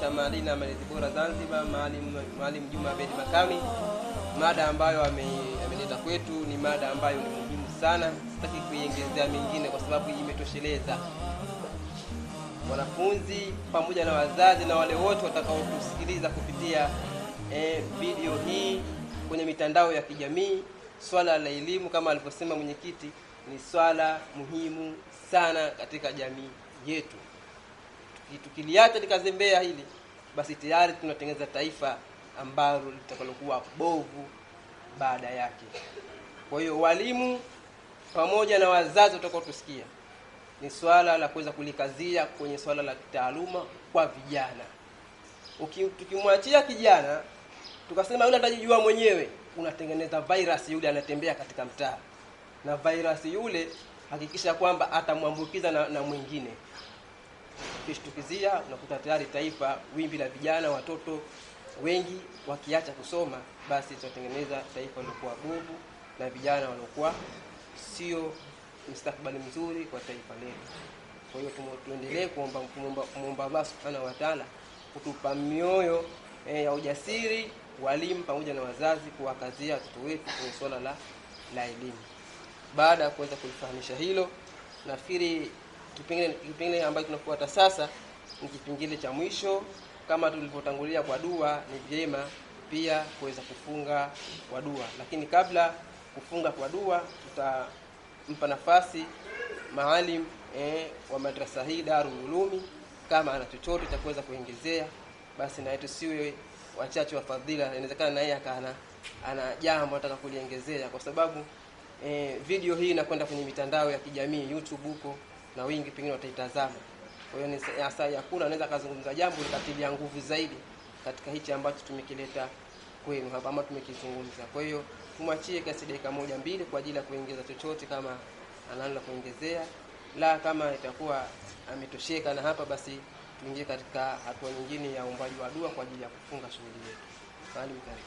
kuwakilisha Madina malezi bora Zanzibar, Maalim Maalim Juma Abedi Makami. Mada ambayo ameleta kwetu ni mada ambayo ni muhimu sana, sitaki kuiongezea mingine kwa sababu imetosheleza wanafunzi pamoja na wazazi na wale wote watakaotusikiliza kupitia eh, video hii kwenye mitandao ya kijamii. Swala la elimu kama alivyosema mwenyekiti ni swala muhimu sana katika jamii yetu tukiliacha likazembea hili, basi tayari tunatengeneza taifa ambalo litakalokuwa bovu baada yake. Kwa hiyo walimu pamoja na wazazi watakao tusikia, ni swala la kuweza kulikazia kwenye swala la kitaaluma kwa vijana. Tukimwachia kijana tukasema yule atajijua mwenyewe, unatengeneza virus yule anatembea katika mtaa, na virus yule hakikisha kwamba atamwambukiza na, na mwingine. Ukishtukizia unakuta tayari taifa, wimbi la vijana, watoto wengi wakiacha kusoma, basi tutatengeneza taifa lilokuwa bovu na vijana waliokuwa sio mstakbali mzuri kwa taifa letu. Kwa hiyo tuendelee kumwomba Allah subhanahu wa taala kutupa mioyo e, ya ujasiri, walimu pamoja na wazazi kuwakazia watoto wetu kwenye swala la, la elimu. Baada ya kuweza kulifahamisha hilo, nafikiri Kipengele kipengele ambacho tunafuata sasa ni kipengele cha mwisho. Kama tulivyotangulia kwa dua, ni vyema pia kuweza kufunga kwa dua, lakini kabla kufunga kwa dua, tutampa nafasi maalim eh, wa madrasa hii Darul Ulumi, kama ana chochote cha kuweza kuongezea, basi na yetu siwe wachache wa fadhila. Inawezekana na yeye akana ana jambo anataka kuliongezea, kwa sababu eh, video hii inakwenda kwenye mitandao ya kijamii YouTube huko na wingi pengine wataitazama. Kwa hiyo ni hasa kula, anaweza akazungumza jambo likatilia nguvu zaidi katika hichi ambacho tumekileta kwenu hapa ama tumekizungumza. Kwa hiyo tumwachie kasi dakika moja mbili kwa ajili ya kuongeza chochote kama analo la kuongezea, la kama itakuwa ametosheka na hapa, basi tuingie katika hatua nyingine ya umbaji wa dua kwa ajili ya kufunga shughuli yetu. Mwalimu, karibu.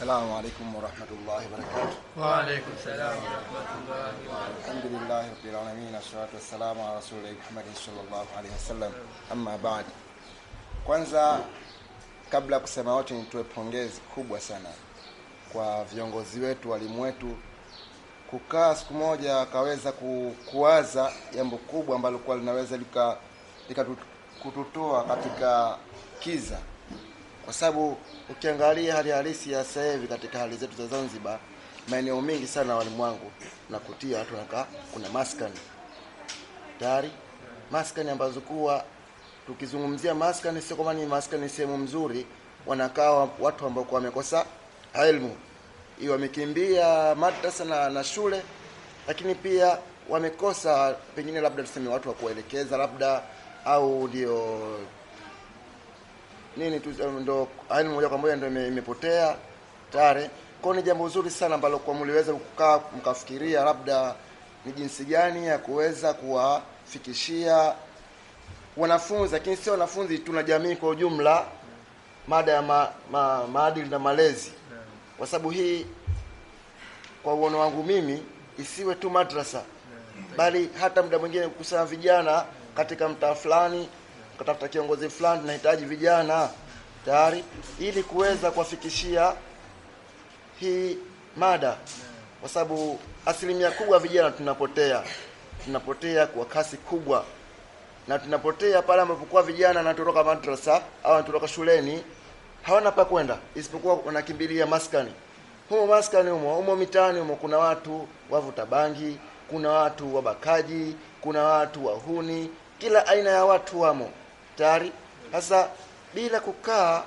السلام عليكم ورحمة الله وبركاته وعليكم السلام ورحمة الله وبركاته الحمد لله رب العالمين والصلاة والسلام على رسول الله محمد صلى الله عليه wasallam amma baad kwanza kabla ya kusema wote nitoe pongezi kubwa sana kwa viongozi wetu walimu wetu kukaa siku moja wakaweza kuwaza jambo kubwa ambalo kuwa linaweza lika, lika katika kiza kwa sababu ukiangalia hali halisi ya sasa hivi katika hali zetu za Zanzibar, maeneo mengi sana walimu wangu nakutia watu wanakaa, kuna maskani tayari, maskani ambazo kuwa tukizungumzia maskani sio kwamba ni maskani sehemu mzuri, wanakaa watu ambao kwa wamekosa elimu hiyo, wamekimbia madrasa na, na shule, lakini pia wamekosa pengine labda tuseme watu wa kuelekeza labda au ndio nini tu ndo yani moja kwa moja ndo imepotea tare. Kwa ni jambo zuri sana ambalo kwa mliweza kukaa mkafikiria labda ni jinsi gani ya kuweza kuwafikishia wanafunzi, lakini sio wanafunzi tu na jamii kwa ujumla, mada ya ma, ma, maadili na malezi, kwa sababu hii kwa uono wangu mimi isiwe tu madrasa, bali hata muda mwingine kukusana vijana katika mtaa fulani tukatafuta kiongozi fulani tunahitaji vijana tayari ili kuweza kuwafikishia hii mada kwa sababu asilimia kubwa vijana tunapotea tunapotea kwa kasi kubwa na tunapotea pale ambapokuwa vijana anatoroka madrasa au anatoroka shuleni hawana pa kwenda isipokuwa wanakimbilia maskani humo maskani humo humo mitaani humo kuna watu wavuta bangi kuna watu wabakaji kuna watu wahuni kila aina ya watu wamo daftari. Sasa bila kukaa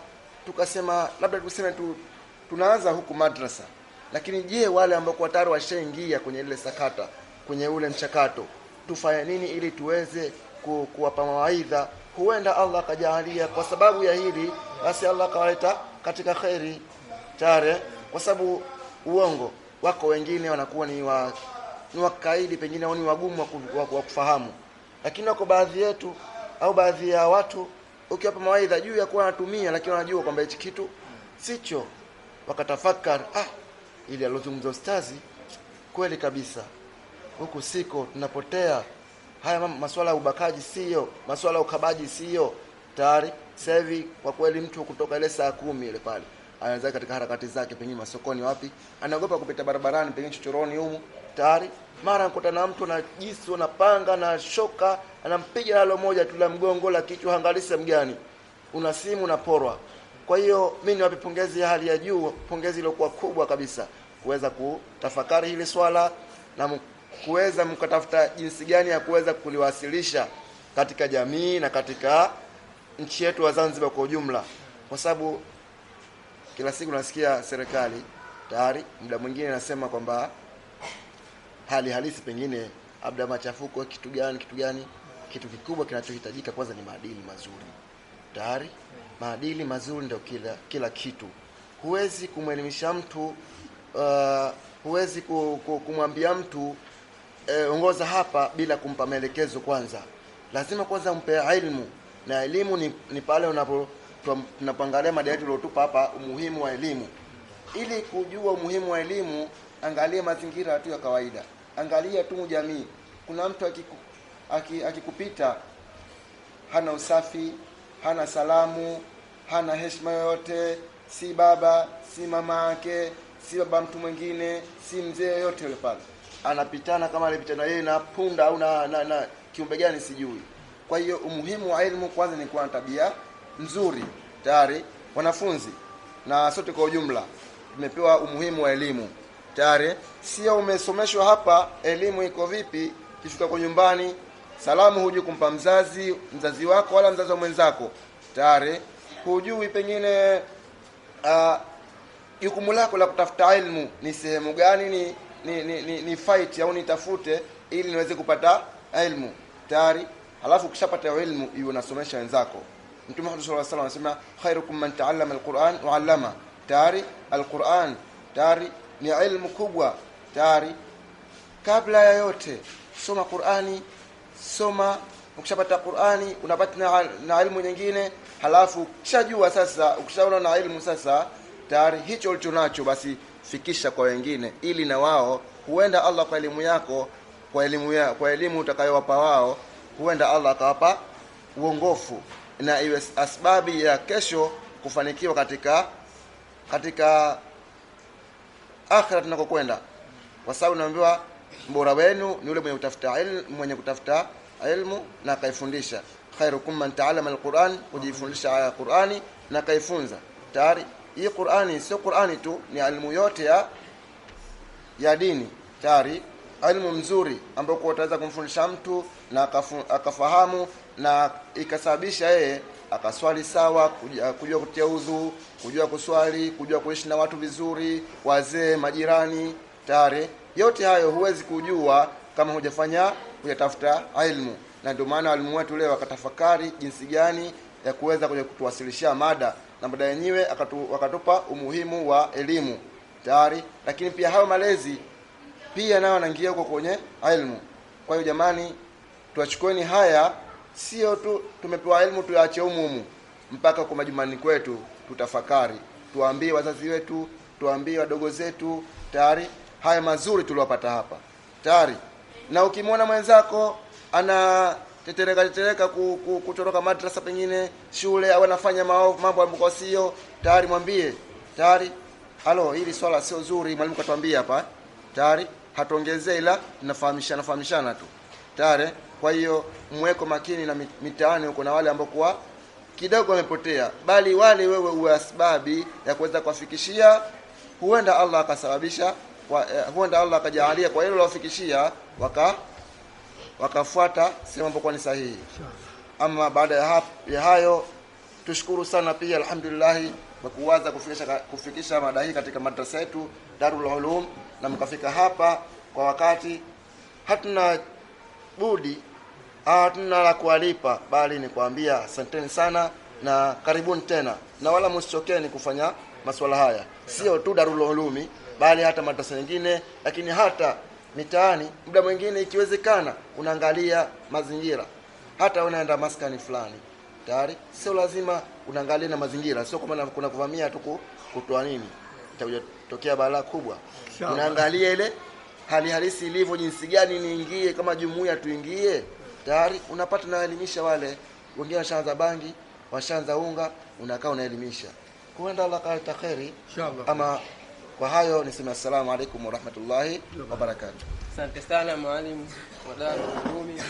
tukasema labda tuseme tu tunaanza huku madrasa, lakini je, wale ambao kwa tayari washaingia kwenye ile sakata, kwenye ule mchakato, tufanye nini ili tuweze ku, kuwapa mawaidha? Huenda Allah akajalia kwa sababu ya hili, basi Allah akawaleta katika kheri tare, eh? kwa sababu uongo wako wengine wanakuwa ni wa ni wakaidi, pengine ni wagumu wa kufahamu, lakini wako baadhi yetu au baadhi ya watu ukiwapa mawaidha juu ya kuwa anatumia lakini wanajua kwamba hichi kitu sicho, wakatafakar, ah, ili alozungumza ustazi kweli kabisa, huku siko tunapotea. Haya masuala ya ubakaji siyo, masuala ya ukabaji siyo. Tayari sasa kwa kweli mtu kutoka ile saa kumi ile pale anaanza katika harakati zake, pengine masokoni, wapi, anaogopa kupita barabarani, pengine chochoroni humu tayari mara nakutana na mtu na jisu na panga na shoka, anampiga nalo moja tu la mgongo la kichwa, hangalii sehemu gani, una simu unaporwa. Kwa hiyo mimi niwape pongezi ya hali ya juu, pongezi iliyokuwa kubwa kabisa, kuweza kutafakari hili swala na kuweza mkatafuta jinsi gani ya kuweza kuliwasilisha katika jamii na katika nchi yetu ya Zanzibar kwa ujumla, kwa sababu kila siku nasikia serikali tayari, muda mwingine nasema kwamba hali halisi, pengine labda machafuko, kitu gani kitu gani. Kitu kikubwa kinachohitajika kwanza ni maadili mazuri. Tayari maadili mazuri ndio kila kila kitu. Huwezi kumwelimisha mtu uh, huwezi kumwambia mtu eh, ongoza hapa bila kumpa maelekezo kwanza. Lazima kwanza umpe elimu, na elimu ni, ni pale unapo tunapoangalia mada yetu uliotupa hapa, umuhimu wa elimu. Ili kujua umuhimu wa elimu angalia mazingira tu ya kawaida, angalia tu jamii. Kuna mtu akiku, akikupita hana usafi, hana salamu, hana heshima yoyote, si baba, si mama yake, si baba mtu mwingine, si mzee yoyote yule pale, anapitana kama alipitana yeye na punda au na, na, na kiumbe gani sijui. Kwa hiyo umuhimu wa elimu kwanza ni kuwa na tabia nzuri. Tayari wanafunzi na sote kwa ujumla tumepewa umuhimu wa elimu tare sio umesomeshwa hapa, elimu iko vipi? Kishuka kwa nyumbani, salamu hujui kumpa mzazi mzazi wako wala mzazi wa mwenzako tare, hujui pengine uh, jukumu lako la kutafuta ilmu ni sehemu gani, ni ni, ni, ni, ni fight au nitafute ili niweze kupata ilmu tayari. Halafu ukishapata ilmu iwe unasomesha wenzako. Mtume Muhammad sallallahu alaihi wasallam anasema khairukum man ta'allama alquran wa 'allama tayari alquran tayari ni ilmu kubwa tayari. Kabla ya yote, soma Qur'ani, soma ukishapata Qur'ani unapata na, na ilmu nyingine, halafu ukishajua sasa, ukishaona na ilmu sasa tayari, hicho ulicho nacho basi fikisha kwa wengine, ili na wao huenda Allah kwa elimu yako kwa elimu ya, kwa elimu utakayowapa wao huenda Allah akawapa uongofu na iwe asbabi ya kesho kufanikiwa katika katika akhira tunakokwenda, kwa sababu naambiwa mbora wenu ni yule mwenye kutafuta ilmu, mwenye kutafuta ilmu na akaifundisha. Khairukum man ta'allama alquran, kujifundisha aya ya Qurani na akaifunza. Tayari hii Qurani sio Qurani tu, ni elimu yote ya ya dini tayari elimu mzuri ambayo utaweza kumfundisha mtu na akafahamu na ikasababisha yeye akaswali sawa, kujua, kujua kutia udhu, kujua kuswali, kujua kuishi na watu vizuri, wazee, majirani, tare. Yote hayo huwezi kujua kama hujafanya hujatafuta ilmu, na ndio maana walimu wetu leo akatafakari jinsi gani ya kuweza kuja kutuwasilishia mada na mada yenyewe akatu, wakatupa umuhimu wa elimu tayari, lakini pia hayo malezi pia nayo anaingia huko kwenye ilmu. Kwa hiyo jamani, tuachukueni haya sio tu tumepewa elimu tuache umumu mpaka kwa majumbani kwetu tutafakari, tuwaambie wazazi wetu, tuwaambie wadogo zetu tayari haya mazuri tuliwapata hapa tayari. Na ukimwona mwenzako ana tetereka tetereka kutoroka madrasa, pengine shule, au anafanya maovu mambo ambayo sio tayari, mwambie tayari, halo, hili swala sio zuri, mwalimu katuambia hapa eh? tayari, hatuongezee ila nafahamishana nafahamishana tu tare. Kwa hiyo mweko makini na mitaani huko na wale ambao kwa kidogo wamepotea, bali wale wewe uwe asbabi ya kuweza kuwafikishia. Huenda Allah akasababisha kwa, eh, huenda Allah akajaalia kwa hilo lawafikishia waka wakafuata sehemu ambayo ni sahihi. Ama baada ya, hap, ya hayo tushukuru sana pia alhamdulillah kwa kuwaza kufikisha, kufikisha mada hii katika madrasa yetu Darul Ulum na mkafika hapa kwa wakati hatuna budi ah, hatuna la kuwalipa, bali ni kuambia asanteni sana na karibuni tena, na wala msichokeni kufanya masuala haya, sio tu Darul Ulumi bali hata madrasa mengine, lakini hata mitaani. Muda mwingine ikiwezekana, unaangalia mazingira, hata unaenda maskani fulani tayari, sio lazima unaangalia na mazingira, sio maana kuna kuvamia tu kutoa nini, tokea balaa kubwa, unaangalia ile hali halisi ilivyo, jinsi gani niingie kama jumuiya tuingie, tayari unapata naelimisha wale wengine, washaanza bangi, washaanza unga, unakaa unaelimisha. Kuenda Allah kaleta inshallah. Ama kwa hayo niseme assalamu alaikum warahmatullahi wabarakatu. Asante sana Mwalimu wa Darul Ulumi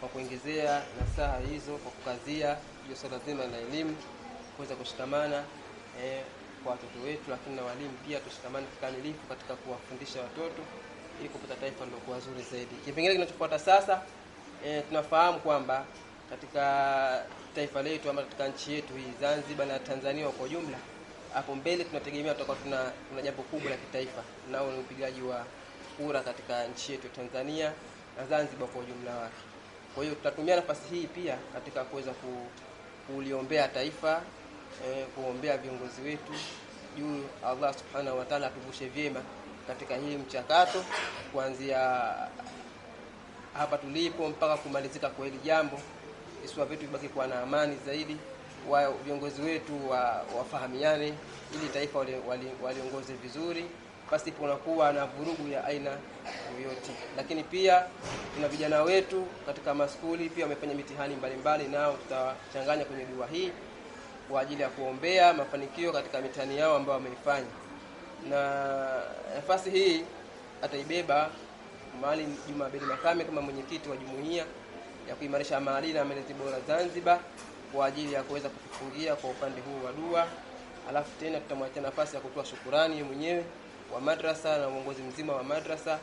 kwa kuongezea nasaha hizo, kwa kukazia hiyo swala zima la elimu, kuweza kushikamana eh, kwa watoto wetu, lakini na walimu pia tushikamane kikamilifu katika kuwafundisha watoto ili kupata taifa lilokuwa zuri zaidi. Kipengele kinachofuata sasa e, tunafahamu kwamba katika taifa letu ama katika nchi yetu hii Zanzibar na Tanzania kwa ujumla, hapo mbele tunategemea tutakuwa tuna, tuna jambo kubwa la kitaifa, nao ni upigaji wa kura katika nchi yetu Tanzania na Zanzibar kwa ujumla wake. Kwa hiyo tutatumia nafasi hii pia katika kuweza ku, kuliombea taifa e, kuombea viongozi wetu juu Allah subhanahu wa ta'ala atuvushe vyema katika hii mchakato kuanzia hapa tulipo mpaka kumalizika kwa hili jambo, isiwa vitu vibaki kuwa na amani zaidi, wa viongozi wetu wa, wafahamiane ili taifa waliongoze wali, vizuri basi unakuwa na vurugu ya aina yoyote. Lakini pia kuna vijana wetu katika maskuli pia wamefanya mitihani mbalimbali nao tutawachanganya kwenye dua hii kwa ajili ya kuombea mafanikio katika mitihani yao ambayo wameifanya na nafasi hii ataibeba Maalim Juma Abedi Makame kama mwenyekiti wa jumuiya ya kuimarisha maadili na malezi bora Zanzibar kwa ajili ya kuweza kufungia kwa upande huu wa dua, alafu tena tutamwachia nafasi ya kutoa shukurani yeye mwenyewe wa madrasa na uongozi mzima wa madrasa.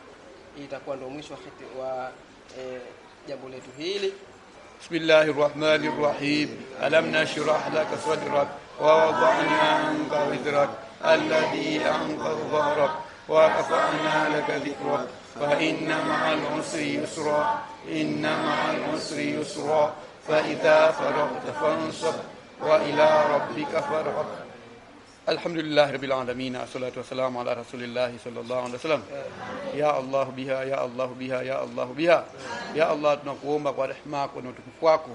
Hii itakuwa ndio mwisho wa eh, jambo letu hili. Bismillahi rahmani rahim. Alam nashrah laka sadrak wa wadana anka wizrak الذي أنقذ ظهرك ورفعنا لك ذكرك فإن مع العسر يسرا إن مع العسر يسرا فإذا فرغت فانصب وإلى ربك فارغب الحمد لله رب العالمين والصلاة والسلام على رسول الله صلى الله عليه وسلم يا الله بها يا الله بها يا الله بها يا الله tunakuomba ورحمك rehema yako na يا wako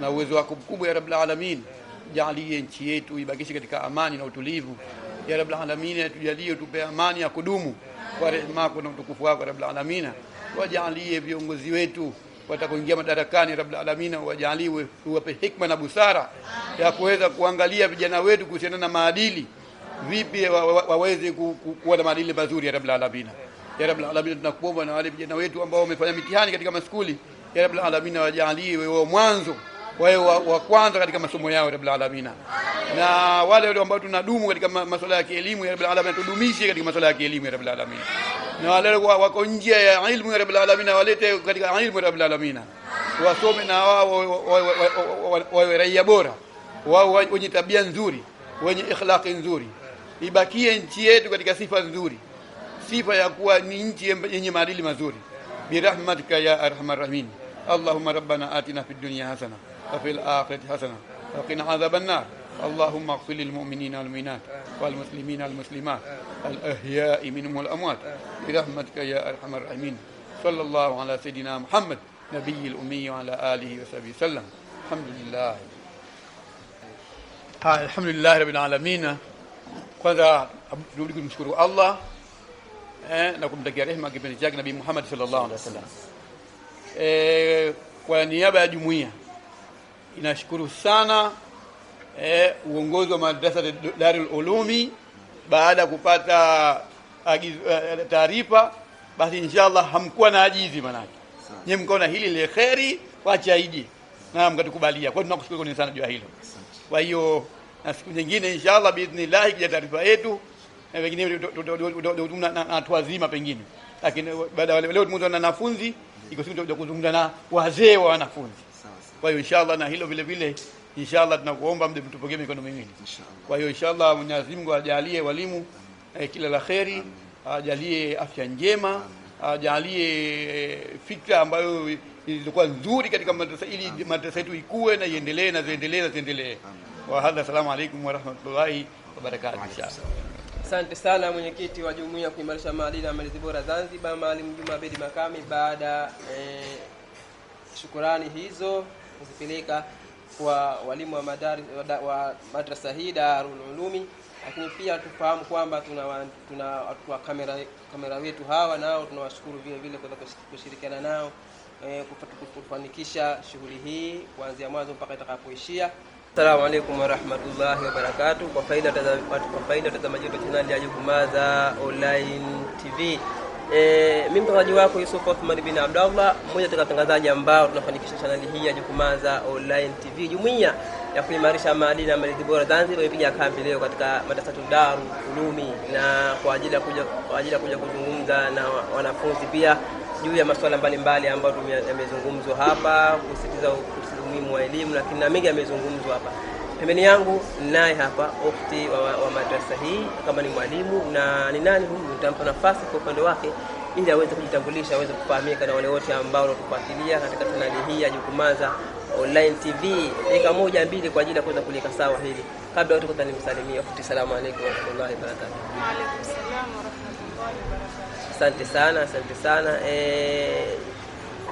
na uwezo wako mkubwa ya Rabbul Alamin, jalie nchi yetu ibakishe katika amani na utulivu ya rabbal alamin, atujalie utupe amani ya kudumu kwa rehema yako na utukufu wako rabbal alamin. Wajalie viongozi wetu watakuingia madarakani rabbal alamin, wajalie uwape hikma na busara ya kuweza kuangalia vijana wetu kuhusiana na maadili, vipi waweze kuwa na maadili mazuri ya rabbal alamin. Ya rabbal alamin, tunakuomba na wale vijana wetu ambao wamefanya mitihani katika maskuli ya rabbal alamin, wajalie wao mwanzo wawe wa, wa kwanza katika masomo yao ya rabbul alamin, na wale wale ambao tunadumu katika masuala ya kielimu ya rabbul alamin, tudumishe katika masuala ya kielimu ya rabbul alamin, na wale wako nje ya ilmu ya rabbul alamin, walete katika ilmu ya rabbul alamin, wasome na wao wawe raia bora, wao wenye tabia nzuri, wenye ikhlaqi nzuri. Ibakie nchi yetu katika sifa nzuri, sifa ya kuwa ni nchi yenye maadili mazuri. Birahmatika ya arhamar rahimin. Allahumma rabbana atina fid dunya hasana وفي الآخرة حسنة وقنا عذاب النار اللهم اغفر للمؤمنين والمؤمنات والمسلمين والمسلمات الأحياء منهم والأموات برحمتك يا أرحم الراحمين صلى الله على سيدنا محمد نبي الأمي وعلى آله وصحبه وسلم الحمد لله الحمد لله رب العالمين kwanza نقول kumshukuru Allah eh, na kumtakia rehema kipindi نبي محمد صلى الله عليه وسلم eh, إيه، جمعية inashukuru sana eh, uongozi wa madrasa Darul Ulumi baada ya kupata eh, taarifa, basi inshallah hamkuwa na ajizi, manake nyie mkaona hili leheri kheri wacha iji na mkatukubalia. Kwa hiyo tunakushukuru sana juu ya hilo. Kwa hiyo na siku nyingine inshallah biidhnillah, ikija taarifa yetu na wengine na watu wazima pengine, lakini baada ya leo tumezungumza na wanafunzi, iko siku tutakuzungumza na wazee wa wanafunzi. Kwa hiyo inshallah, na hilo vile vile inshallah tunakuomba mje mtupokee mikono miwili. Kwa hiyo inshallah, Mwenyezi Mungu ajalie walimu eh, kila la kheri, ajalie afya njema, ajalie eh, fikra ambayo ilikuwa nzuri katika madrasa ili madrasa yetu ikue na iendelee na ziendelee na ziendelee. Wa hadha, salamu alaykum wa rahmatullahi wa barakatuh. Asante sana mwenyekiti wa jumuiya kuimarisha maadili na malezi bora Zanzibar, Maalim Juma Abedi Makame, baada eh, shukurani hizo kuzipeleka kwa walimu wa, madari, wa madrasa hii Darul Ulumi, lakini pia tufahamu kwamba tuna, tuna wa kamera, kamera wetu hawa nao tunawashukuru vile vile kwa kushirikiana nao e, kufanikisha shughuli hii kuanzia mwanzo mpaka itakapoishia. wa rahmatullahi wa barakatuh. Kwa faida watazamaji wa chaneli ya Jukumaza Online TV Eh, mimi mtangazaji wako Yusuf Othman bin Abdallah, mmoja katika watangazaji ambao tunafanikisha chaneli hii ya Jukumaza Online TV. Jumuiya ya kuimarisha maadili na malezi bora Zanzibar imepiga kambi leo katika madrasa Daru Ulumi na kwa ajili ya kuja kwa ajili ya kuja kuzungumza na wanafunzi pia juu ya masuala mbalimbali ambayo yamezungumzwa hapa, kusisitiza umuhimu wa elimu, lakini na mengi yamezungumzwa hapa. Pembeni yangu naye hapa ukti wa, wa madrasa hii kama ni mwalimu na ni nani huyu, nitampa nafasi kwa upande wake ili aweze kujitambulisha, aweze kufahamika na wale wote ambao wanatufuatilia katika chaneli hii ya Jukumaza Online TV. Dakika moja mbili kwa ajili ya kuweza kulika sawa hili kabla wote kwanza nimsalimia ukti. Salamu alaykum warahmatullahi rahmatullahi wa rahmatullahi wa barakatuh. Asante sana, asante sana eh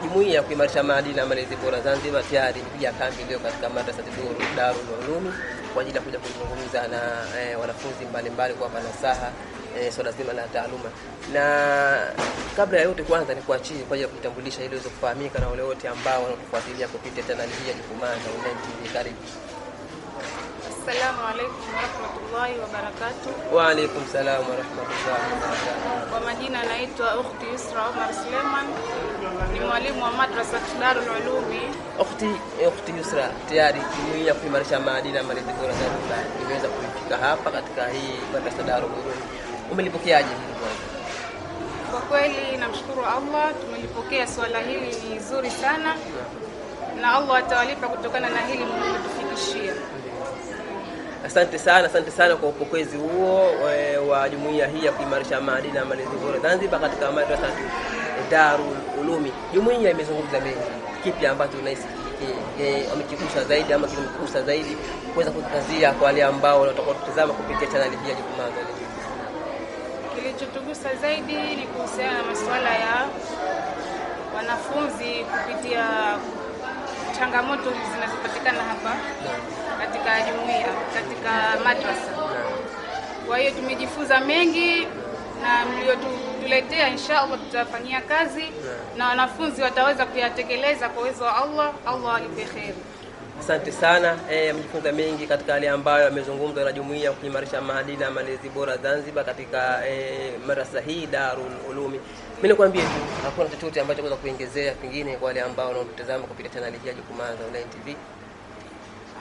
Jumuiya ya kuimarisha maadili na malezi bora Zanzibar tayari imepiga kambi leo katika madrasa Tuduru Darul Ulum kwa ajili ya kuja kuzungumza na eh, wanafunzi mbalimbali kuwapa nasaha eh, swala so zima la taaluma. Na kabla ya yote, kwanza ni kuachie kwa ajili ya kutambulisha ili uweze kufahamika na wale wote ambao wanakufuatilia kupitia chaneli hii ya Jukumaa na Online TV. Karibu. Assalamu alaykum warahmatullahi wabarakatuh. Wa alaykum salam warahmatullahi wabarakatuh. Kwa majina naitwa Ukhti Yusra Omar Suleiman ni mwalimu wa madrasa Darul Ulumi. Ukhti, ukhti eh, Yusra, tayari jumuiya ya kuimarisha maadili na maridhiano ya Zanzibar imeweza kuifika hapa katika hii madrasa Darul Ulumi. Umelipokeaje hili kwanza? Kwa kweli namshukuru Allah, tumelipokea swala hili ni zuri sana na Allah atawalipa kutokana na hili mlilotufikishia. Asante sana, asante sana kwa upokezi huo eh, wa jumuiya hii ya kuimarisha maadili na malezi bora Zanzibar katika madrasa Darul kiuchumi, jumuiya imezungumza mengi, kipi ambacho unahisi wamekigusa zaidi ama kimekugusa zaidi kuweza kukazia kwa wale ambao watakuwa kutazama kupitia chaneli hii ya Jukumaa Kilichotugusa zaidi ni kuhusiana na masuala ya wanafunzi kupitia changamoto zinazopatikana hapa katika jumuiya, katika madrasa. Kwa hiyo tumejifunza mengi na mliotu mlivyotuletea inshallah tutafanyia kazi na wanafunzi wataweza kuyatekeleza kwa uwezo wa Allah. Allah alipe kheri. Asante sana eh, mjifunza mengi katika yale ambayo amezungumza na jumuiya ya kuimarisha maadili na malezi bora Zanzibar katika eh, madrasa hii Darul Ulumi. Mimi nakwambia tu hakuna chochote ambacho naweza kuongezea, pengine kwa wale ambao wanaotazama kupitia channel hii ya Jukumaa za Online TV.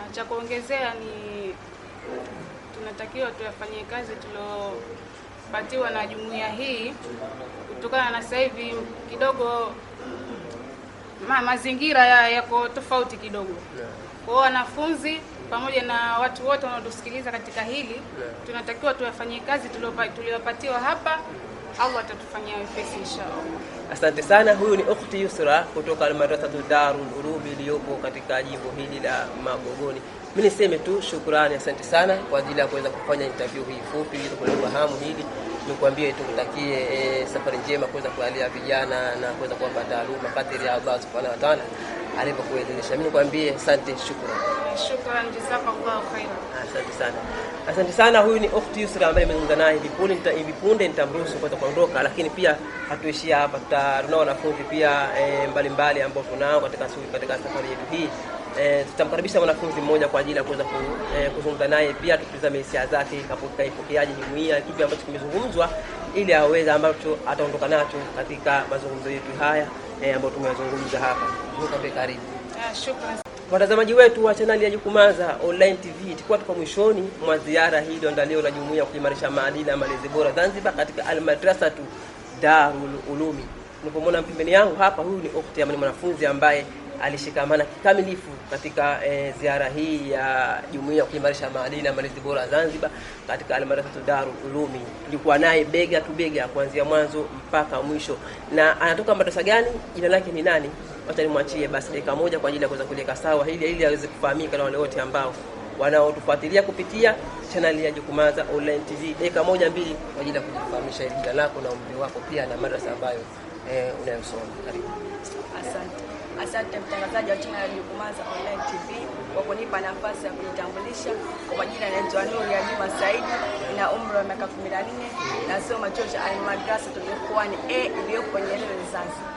Ah, cha kuongezea ni tunatakiwa tuyafanyie kazi tulio kupatiwa na jumuiya hii kutokana na sasa hivi kidogo ma, mazingira yako ya tofauti kidogo kwa wanafunzi pamoja na watu wote wanaotusikiliza katika hili, tunatakiwa tuyafanyie kazi tuliyopatiwa hapa. au atatufanyia wepesi inshallah Asante sana. Huyu ni ukhti Yusra kutoka Almadrasatu Darul Urubi iliyopo katika jimbo hili la Magogoni. Mi niseme tu shukurani, asante sana kwa ajili ya kuweza kufanya interview hii fupi ili kuleta hamu hili. Nikwambie nitakie e, safari njema kuweza kualia vijana na kuweza kuwapa taaluma kadiri ya Allah subhanahu wa ta'ala alivyokuwezesha. Mimi nikwambie asante, shukrani, shukrani jazakallahu khairan, asante sana, asante sana. Huyu ni ukhti Yusra ambaye nimezungumza naye hivi punde, nita hivi punde nitamruhusu kuweza kuondoka, lakini pia hatuishia hapa, tunao wanafunzi pia eh, mbalimbali ambao tunao katika katika safari yetu hii e, tutamkaribisha mwanafunzi mmoja kwa ajili ya kuweza eh, kuzungumza naye, pia tutizame hisia zake ikaipokeaje jumuiya, kipi ambacho kimezungumzwa, ili aweze ambacho ataondoka nacho katika mazungumzo yetu haya e, ambayo tumezungumza hapa. Karibu ah, watazamaji wetu wa chaneli ya Jukumaza Online TV, tukiwa tuko mwishoni mwa ziara hii iliyoandaliwa na jumuiya kuimarisha maadili na malezi bora Zanzibar katika tu Darul Ulumi. Unapomwona pembeni yangu hapa, huyu ni Okti ambaye ni mwanafunzi ambaye alishikamana kikamilifu katika e, ziara hii ya jumuiya ya kuimarisha maadili na malezi bora Zanzibar katika Almadrasatu Daru Ulumi. Tulikuwa naye bega tu bega kuanzia mwanzo mpaka mwisho. Na anatoka madrasa gani? Jina lake ni nani? Wacha nimwachie basi dakika moja kwa ajili ya kuweza kuliweka sawa hili ili aweze kufahamika na wale wote ambao wanaotufuatilia kupitia chaneli ya Jukumaza Online TV. Dakika moja mbili kwa ajili ya kujifahamisha jina lako na umri wako pia na madrasa ambayo eh, unayosoma. Karibu. Asante. Asante mtangazaji wa chama ya Jukumaza Online TV kwa kunipa nafasi ya kujitambulisha. Kwa jina naitwa Nuri ya Juma Saidi, nina umri wa miaka 14, nasoma chuo cha Almadrasa Tojekwani A iliyopo kwenye eneo la Zanzibar.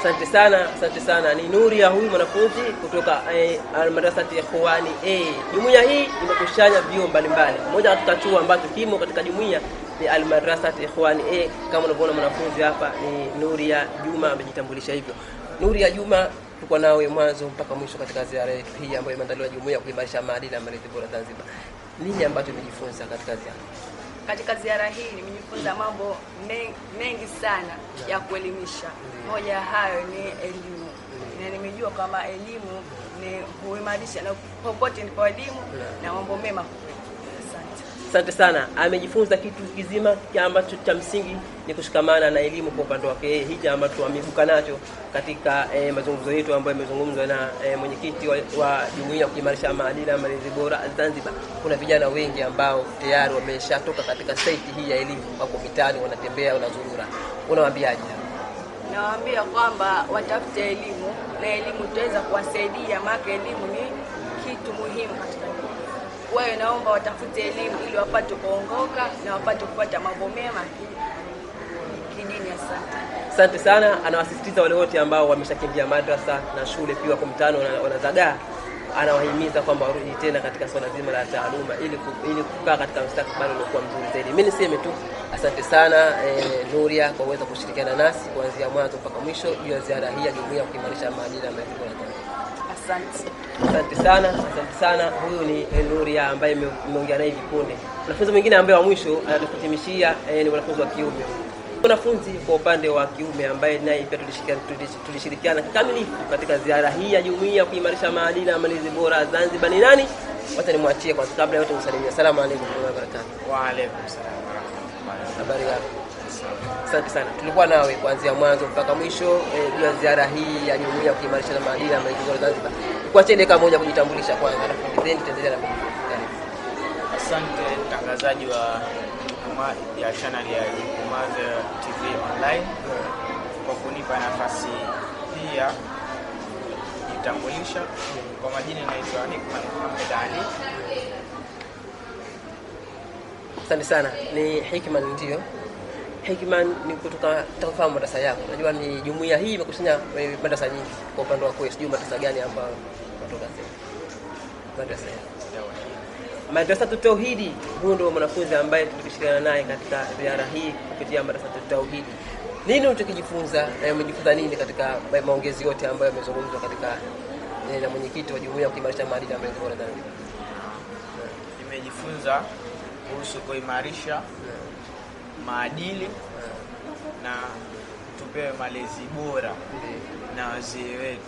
Asante sana, asante sana. Ni Nuri ya huyu mwanafunzi kutoka eh, Almadrasa Tojekwani A. Jumuiya hii imekushanya vyuo mbalimbali, mmoja katika chuo ambacho kimo katika jumuiya ni Almadrasa Ikhwani A. Kama unavyoona mwanafunzi hapa ni nuri ya Juma amejitambulisha hivyo. Nuri ya Juma Tuko nawe mwanzo mpaka mwisho katika ziara hii ambayo imeandaliwa Jumuiya kuimarisha maadili na malezi bora Zanzibar. Nini ambacho umejifunza katika ziara? Katika ziara hii nimejifunza mambo mengi sana ya kuelimisha. Moja hayo ni elimu, na nimejua kwamba elimu ni kuimarisha na popote ndipo elimu na mambo mema asante sana, amejifunza kitu kizima ambacho cha msingi ni kushikamana na elimu kwa upande wake yeye, hicho ambacho ameibuka nacho katika e, mazungumzo yetu ambayo yamezungumzwa na e, mwenyekiti wa, wa jumuiya ya kuimarisha maadili na malezi bora Zanzibar. Kuna vijana wengi ambao tayari wameshatoka katika saiti hii ya elimu, wako mitani wanatembea, wanazurura. Unawaambiaje? Nawaambia kwamba watafute elimu na elimu itaweza kuwasaidia, maana elimu ni kitu muhimu katika wawe naomba watafute elimu ili wapate kuongoka na wapate kupata mambo mema kidini. Asante, asante sana. Anawasisitiza wale wote ambao wameshakimbia madrasa na shule, pia wako mtaani wanazagaa anawahimiza kwamba warudi tena katika swala zima la taaluma ili ili kukaa katika mstakabali uliokuwa mzuri zaidi. Mimi niseme tu asante sana e, Nuria kwa uweza kushirikiana nasi kuanzia mwanzo mpaka mwisho juu ya ziara hii ya jumuiya ya kuimarisha maadili ya maendeleo. Asante, sana, asante sana. Huyu ni eh, Nuria ambaye nimeongea naye hivi punde. Mwanafunzi mwingine ambaye wa mwisho anatukutimishia eh, ni mwanafunzi wa kiume. wanafunzi kwa upande wa kiume ambaye naye pia tulishirikiana kikamilifu katika ziara hii ya jumuiya kuimarisha maadili na malezi bora Zanzibar ni nani? Wacha nimwachie kwa kabla ya yote nisalimie. Asalamu alaykum wa rahmatullahi wa barakatuh. Wa alaykum Habari yako? Asante sana, tulikuwa nawe kuanzia mwanzo mpaka mwisho eh, juu ya ziara hii ya jumuiya ya kuimarisha na maadili na maendeleo ya Zanzibar. Kuachie dakika moja kujitambulisha kwanza, alafu then tutaendelea na asante. Mtangazaji wa ya channel ya Jukumaza TV online kwa kunipa nafasi pia kujitambulisha. Kwa majina naitwa Nikman Muhammad Ali. Asante sana, ni Hikman ndio Hekima ni kutoka tafahamu madrasa yako. Najua ni jumuiya hii imekusanya eh, madrasa nyingi kwa upande wako, sijui madrasa gani hapa kutoka madrasa madrasa tutauhidi. Huyu ndio mwanafunzi ambaye tulishirikiana naye katika ziara hii kupitia madrasa tutauhidi. Nini ulichokijifunza na umejifunza nini katika eh, maongezi yote ambayo yamezungumzwa katika eh, na mwenyekiti wa jumuiya kuimarisha maadili ya mlezi Zanzibar? Nimejifunza kuhusu kuimarisha maadili na tupewe malezi bora na wazee wetu.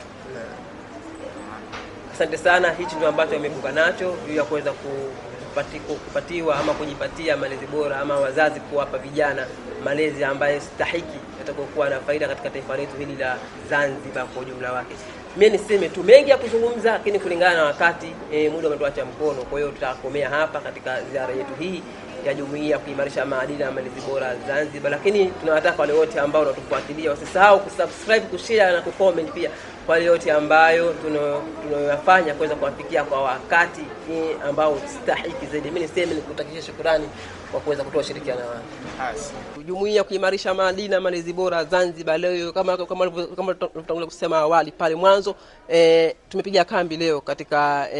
Asante sana, hichi ndio ambacho amebuka nacho juu ya kuweza kupati, kupatiwa ama kujipatia malezi bora ama wazazi kuwapa vijana malezi ambayo stahiki yatakokuwa na faida katika taifa letu hili la Zanzibar kwa ujumla wake. Mimi niseme tu mengi ya kuzungumza, lakini kulingana na wakati e, muda umetuacha mkono. Kwa hiyo tutakomea hapa katika ziara yetu hii ya jumuiya kuimarisha maadili na malezi bora Zanzibar. Lakini tunawataka wale wote ambao wanatufuatilia wasisahau kusubscribe, kushare na kucomment pia kwa yote ambayo tunayoyafanya kuweza kuwafikia kwa wakati ambao stahiki zaidi. Mimi niseme nikutakia shukurani kwa kuweza kutoa ushirikiano wao. Jumuiya kuimarisha maadili na malezi bora Zanzibar leo kama kama kama tutangulia kusema awali pale mwanzo e, tumepiga kambi leo katika e,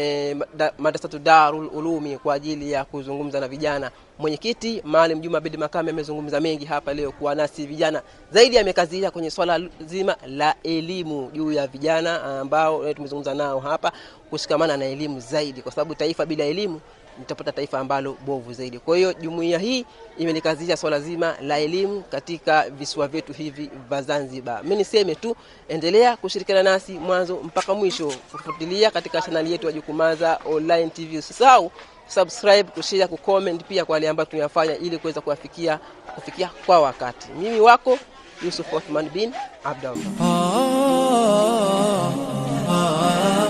eh, madrasa Darul Ulumi kwa ajili ya kuzungumza na vijana. Mwenyekiti Maalim Juma Abedi Makame amezungumza mengi hapa leo kuwa nasi vijana zaidi, amekazia kwenye swala zima la elimu juu ya vijana ambao eh, tumezungumza nao hapa, kushikamana na elimu zaidi, kwa sababu taifa bila elimu mtapata taifa ambalo bovu zaidi. Kwa hiyo jumuiya hii imenikazisha swala zima la elimu katika visiwa vyetu hivi vya Zanzibar. Mimi niseme tu, endelea kushirikiana nasi mwanzo mpaka mwisho, kufuatilia katika chaneli yetu ya Jukumaza Online TV. Usisahau subscribe, kushare, kucomment pia kwa wale ambao tunayafanya ili kuweza kuwafikia kufikia kwa wakati. Mimi wako Yusuf Othman bin Abdallah. Ah, ah, ah.